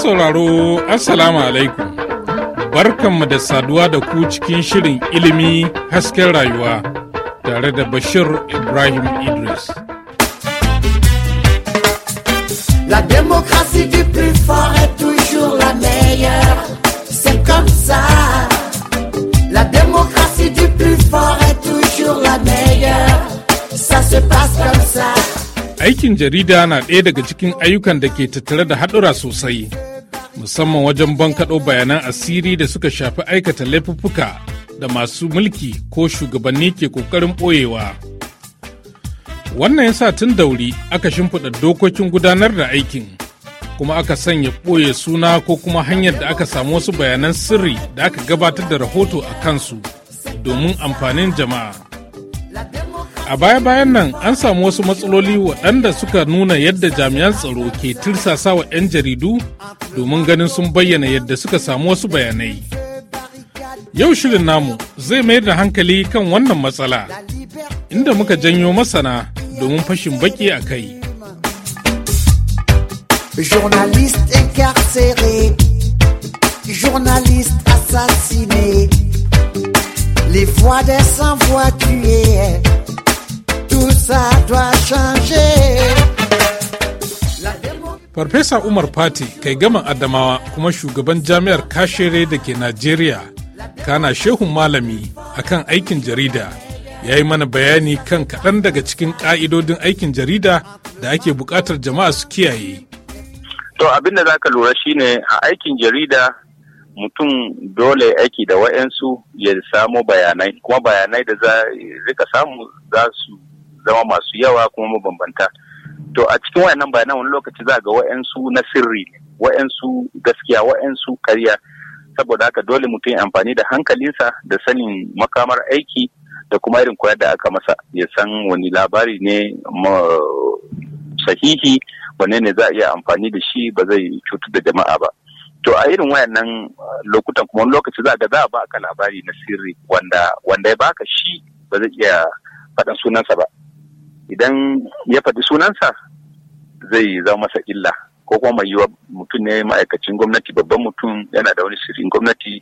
sauraro assalamu alaikum barkanmu da saduwa da ku cikin shirin ilimi hasken rayuwa tare da bashir ibrahim idris Aikin jarida na ɗaya daga cikin ayyukan da ke tattare da haɗura sosai, musamman wajen bankaɗo bayanan asiri da suka shafi aikata laifuffuka da masu mulki ko shugabanni ke ƙoƙarin ɓoyewa. Wannan ya sa tun dauri aka shimfiɗa dokokin gudanar da aikin, kuma aka sanya ɓoye suna ko kuma hanyar da aka samu wasu bayanan sirri da aka gabatar da rahoto a kansu domin amfanin jama'a. A baya-bayan nan an samu wasu matsaloli waɗanda suka nuna yadda jami'an tsaro ke tirsasa wa 'yan jaridu domin ganin sun bayyana yadda suka samu wasu bayanai. Yau shirin namu zai mayar da hankali kan wannan matsala, inda muka janyo masana domin fashin baki a kai. les voix des sans-voix tuées. ça doit changer. Farfesa Umar Fati kai gaman Adamawa kuma shugaban jami'ar kashere da ke Najeriya kana shehun malami akan aikin jarida ya yi mana bayani kan kaɗan daga cikin ƙa'idodin aikin jarida da ake buƙatar jama'a su kiyaye. To abin da za ka lura shi ne a aikin jarida mutum dole aiki da wa'yansu ya samo bayanai kuma bayanai da za rika samu za su zama masu yawa kuma mabambanta to a cikin wayannan bayanan wani lokaci za ga wayansu na sirri wayansu gaskiya wayansu karya saboda haka dole mutum ya amfani da hankalinsa da sanin makamar aiki da kuma irin koyar da aka masa ya san wani labari ne sahihi wanne ne za a iya amfani da shi ba zai cutar da jama'a ba to a irin wayannan uh, lokutan kuma wani lokaci za ga za a baka labari na sirri wanda wanda ya baka shi ba zai iya faɗan sunansa ba idan ya faɗi sunansa zai zama masa illa ko kuma mai yiwa mutum ne ma'aikacin gwamnati babban mutum yana da wani sirrin gwamnati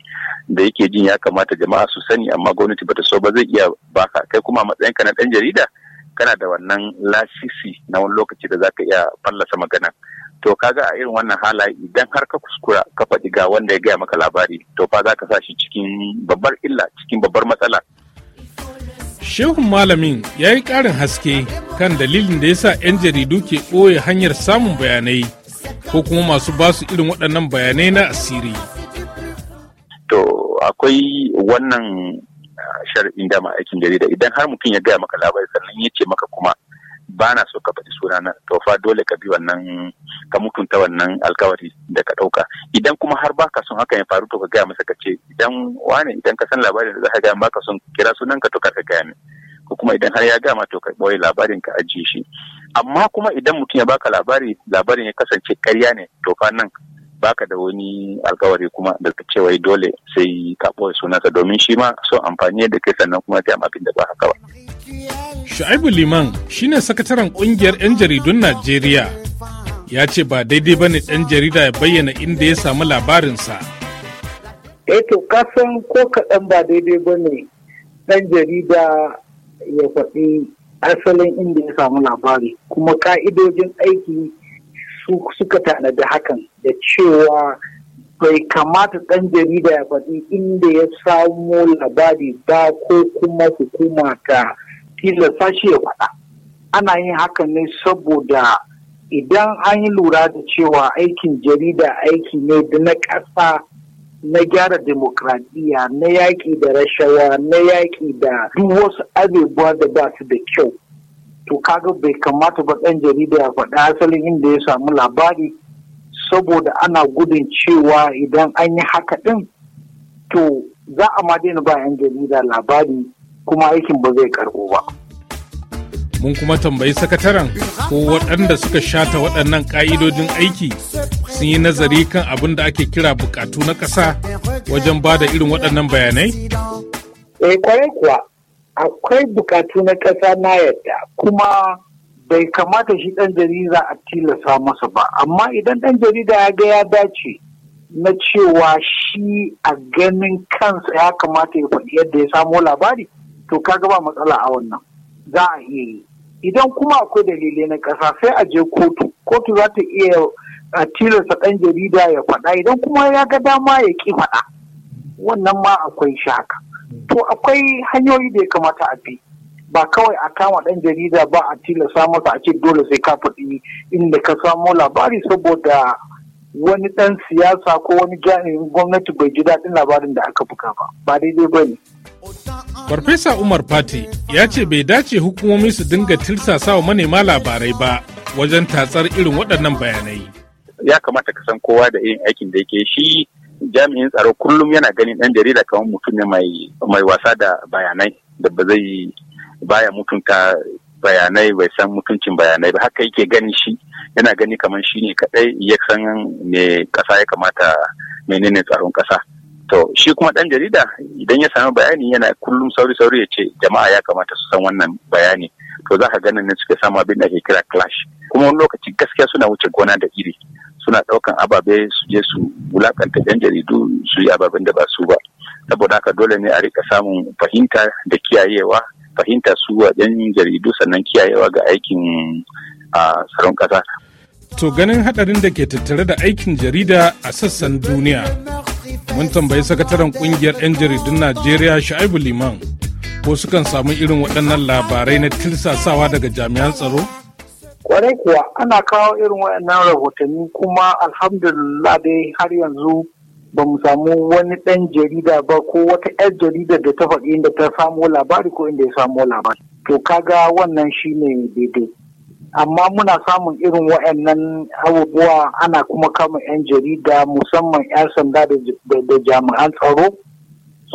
da yake jin ya kamata jama'a su sani amma gwamnati bata so ba zai iya baka kai kuma matsayinka na ɗan jarida kana da wannan lasisi na wani lokaci da zaka iya fallasa magana to kaga a irin wannan halaye idan har ka kuskura ka faɗi ga wanda ya gaya maka labari to fa zaka sa shi cikin babbar illa cikin babbar matsala Shehun Malamin ya yi ƙarin haske kan dalilin da ya sa 'yan jaridu ke ɓoye hanyar samun bayanai ko kuma masu basu irin waɗannan bayanai na asiri. To akwai wannan ah, shar'in dama aikin jarida idan har mutum ya gaya maka labari sannan ya ce maka kuma ba na so ka faɗi sunana to fa dole ka bi wannan ka mutunta wannan alkawari da ka ɗauka idan kuma har baka son hakan ya faru to ka gaya masa ka ce idan wane idan ka san labarin da za ka gaya baka son kira sunan ka to ka gaya ne ko kuma idan har ya gama to ka ɓoye labarin ka ajiye shi amma kuma idan mutum ya baka labari labarin ya kasance ƙarya ne to fa nan baka da wani alkawari kuma da wai dole sai ka ɓoye sunansa domin shi ma so amfani da kai sannan kuma ta abin da ba haka ba. Shu'aibu Liman shine sakataren ƙungiyar 'yan jaridun Najeriya ya ce ba daidai ba ne ɗan jarida ya bayyana inda ya samu labarinsa. Eh to kasan ko kaɗan ba daidai ba ne ɗan jarida ya faɗi asalin inda ya samu labari kuma ka'idojin aiki suka da hakan da cewa bai kamata ɗan jarida ya faɗi inda ya samu labari ba ko kuma hukuma ta tilasta shi ya kwada ana yin hakan ne saboda idan an yi lura da cewa aikin jarida aiki ne da na ƙasa na gyara demokradiyya na yaƙi da rashawa na yaƙi da duk wasu abubuwa da ba su da kyau to kaga bai kamata ba ɗan jarida ya faɗa asalin inda ya samu labari saboda ana gudun cewa idan an yi haka ɗin to za a ma daina ba 'yan jarida labari kuma aikin ba zai karɓo ba. Mun kuma tambayi sakataren ko waɗanda suka shata waɗannan ƙa'idojin aiki sun yi nazari kan abin da ake kira buƙatu na ƙasa wajen ba da irin waɗannan bayanai? Eh kwarai kuwa akwai buƙatu na ƙasa na yadda kuma bai kamata shi ɗan jarida a tilasa masa ba amma idan ɗan jarida ya ga ya dace na cewa shi a ganin kansa ya kamata ya faɗi yadda ya samo labari to kaga ba matsala a wannan za a iya yi idan kuma akwai dalilai na ƙasa sai a je kotu kotu za ta iya a tilasta ɗan jarida ya faɗa idan kuma ya ga dama ya ki faɗa wannan ma akwai shaka to akwai hanyoyi da ya kamata a bi ba kawai a kama ɗan jarida ba a tilasta masa a ce dole sai ka faɗi inda ka samo labari saboda wani ɗan siyasa ko wani gwamnati bai ji daɗin labarin da aka buga ba ba daidai ba ne. Farfesa Umar Fati ya ce bai dace hukumomi su dinga tirsasawa manema labarai ba wajen tatsar irin waɗannan bayanai. Ya kamata ka san kowa da yin aikin da yake shi jami'in tsaro kullum yana ganin ɗan jarida kamar mutum ne mai wasa da bayanai da ba zai baya mutunta bayanai bai san mutuncin bayanai ba haka yake ganin shi yana gani kamar shi ne kaɗai ya san me ƙasa ya kamata menene tsaron ƙasa to shi kuma ɗan jarida idan ya sami bayani yana kullum sauri-sauri ya ce jama'a ya kamata su san wannan bayani to za ka ganin ne suke samu abin da ke kira clash kuma wani lokaci gaskiya suna wuce gona da iri suna ɗaukan ababe su je su wulakanta yan jaridu su yi ababen da ba su ba saboda haka dole ne a rika samun fahimta da kiyayewa fahimta su wa ɗan jaridu sannan kiyayewa ga aikin a tsaron ƙasa To ganin hadarin da ke tattare da aikin jarida a sassan duniya. Mun tambayi sakataren kungiyar 'yan jaridun Najeriya Sha'ibu Liman ko sukan samu irin waɗannan labarai na tilsasawa daga jami'an tsaro? Kwarai kuwa ana kawo irin waɗannan rahotanni kuma alhamdulillah dai har yanzu ba mu samu wani ɗan jarida ba ko wata 'yar jarida da ta faɗi inda ta samo labari ko inda ya samo labari. To kaga wannan shine daidai. amma muna samun irin wa'annan abubuwa ana kuma kama 'yan jarida musamman 'yan sanda da jami'an tsaro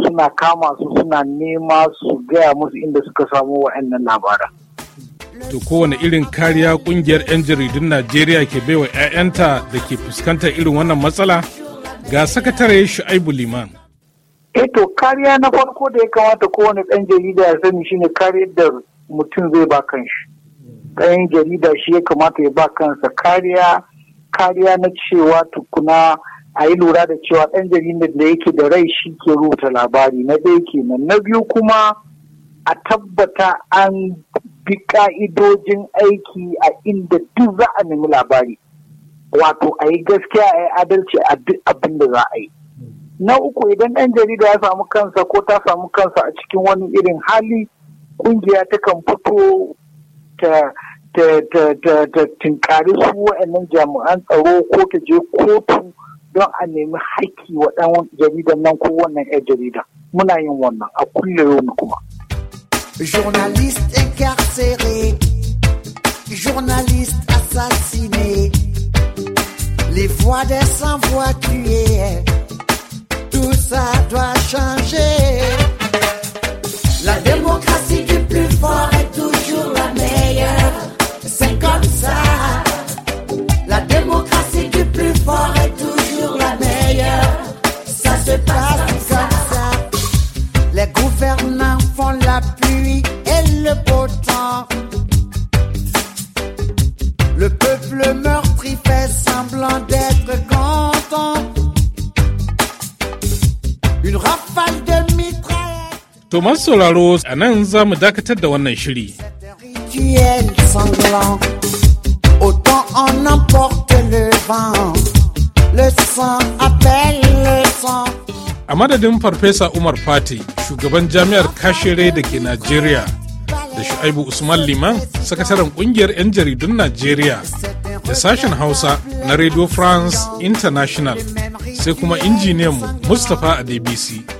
suna kama su suna nema su gaya musu inda suka samu wa'annan labaran. To kowane irin kariya kungiyar 'yan jaridun Najeriya ke baiwa 'ya'yanta da ke fuskantar irin wannan matsala ga sakatare Shu'aibu Liman. E to kariya na farko da ya kamata kowane ɗan jarida ya sani shine kariyar da mutum zai ba kanshi. ɗan jarida shi ya kamata ya ba kansa kariya kariya na cewa tukuna a yi lura da cewa ɗan jaridar da yake da rai shi ke rubuta labari na ɗaya kenan na biyu kuma a tabbata an bi ka'idojin aiki a inda duk za a nemi labari wato a yi gaskiya a yi adalci a duk abin da za a yi na uku idan ɗan jarida ya samu kansa ko ta samu kansa a cikin wani irin hali kungiya kan fito ta ta su wa'annan jami'an tsaro ko ta je kotu a nemi nan ko wannan muna yin wannan a kuma. Journaliste incarcéré, journaliste assassiné, les voix des sans-voix tuées, tout ça doit To masu sauraro a nan za mu dakatar da wannan shiri. a madadin farfesa umar fati shugaban jami'ar kashere da ke najeriya da shu'aibu usman liman sakataren kungiyar 'yan jaridun najeriya da sashen hausa na radio france international sai kuma injiniyanmu mustapha a dbc